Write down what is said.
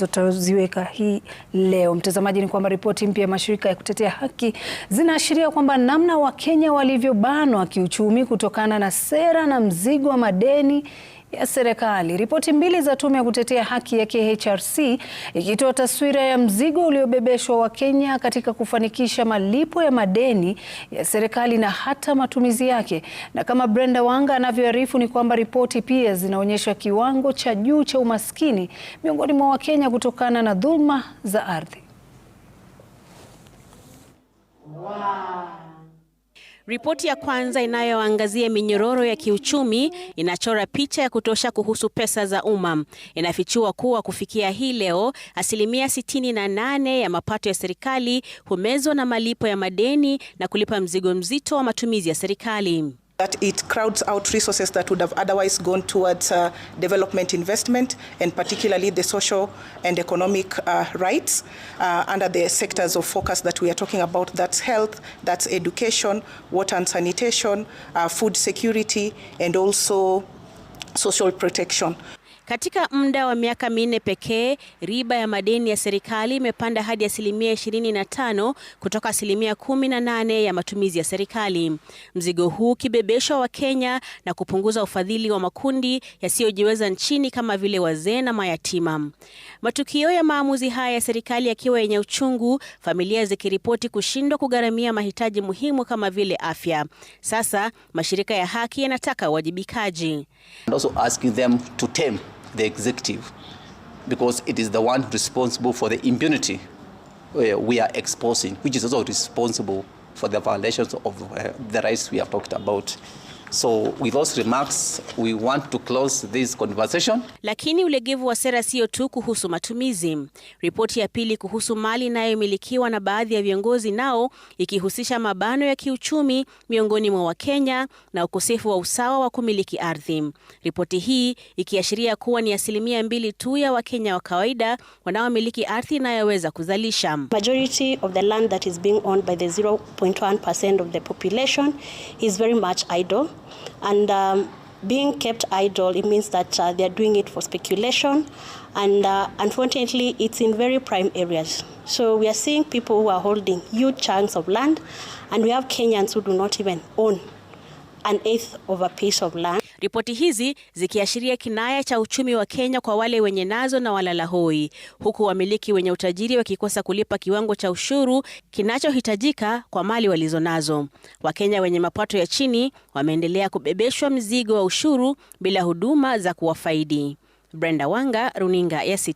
zotaziweka hii leo mtazamaji, ni kwamba ripoti mpya ya mashirika ya kutetea haki zinaashiria kwamba namna Wakenya walivyobanwa kiuchumi kutokana na sera na mzigo wa madeni ya serikali. Ripoti mbili za tume ya kutetea haki ya KHRC ikitoa taswira ya mzigo uliobebeshwa Wakenya katika kufanikisha malipo ya madeni ya serikali na hata matumizi yake. Na kama Brenda Wanga anavyoarifu ni kwamba ripoti pia zinaonyesha kiwango cha juu cha umaskini miongoni mwa Wakenya kutokana na dhulma za ardhi. Ripoti ya kwanza inayoangazia minyororo ya kiuchumi inachora picha ya kutosha kuhusu pesa za umma. Inafichua kuwa kufikia hii leo, asilimia 68 ya mapato ya serikali humezwa na malipo ya madeni na kulipa mzigo mzito wa matumizi ya serikali. that it crowds out resources that would have otherwise gone towards uh, development investment and particularly the social and economic uh, rights uh, under the sectors of focus that we are talking about that's health that's education water and sanitation uh, food security and also social protection Katika muda wa miaka minne pekee, riba ya madeni ya serikali imepanda hadi asilimia ishirini tano kutoka asilimia kumi nane ya matumizi ya serikali. Mzigo huu ukibebeshwa Wakenya na kupunguza ufadhili wa makundi yasiyojiweza nchini kama vile wazee na mayatima. Matukio ya maamuzi haya ya serikali yakiwa yenye uchungu, familia zikiripoti kushindwa kugharamia mahitaji muhimu kama vile afya. Sasa mashirika ya haki yanataka uwajibikaji the executive because it is the one responsible for the impunity we are exposing, which is also responsible for the violations of uh, the rights we have talked about. So with those remarks, we want to close this conversation. Lakini ulegevu wa sera sio tu kuhusu matumizi. Ripoti ya pili kuhusu mali inayomilikiwa na baadhi ya viongozi nao ikihusisha mabano ya kiuchumi miongoni mwa Wakenya na ukosefu wa usawa wa kumiliki ardhi. Ripoti hii ikiashiria kuwa ni asilimia mbili tu ya Wakenya wa kawaida wanaomiliki ardhi inayoweza kuzalisha. Majority of the land that is being owned by the 0.1% of the population is very much idle. And um, being kept idle, it means that uh, they are doing it for speculation. And uh, unfortunately, it's in very prime areas. So we are seeing people who are holding huge chunks of land, and we have Kenyans who do not even own an eighth of a piece of land. Ripoti hizi zikiashiria kinaya cha uchumi wa Kenya kwa wale wenye nazo na walala hoi, huku wamiliki wenye utajiri wakikosa kulipa kiwango cha ushuru kinachohitajika kwa mali walizonazo. Wakenya wenye mapato ya chini wameendelea kubebeshwa mzigo wa ushuru bila huduma za kuwafaidi. Brenda Wanga, Runinga ya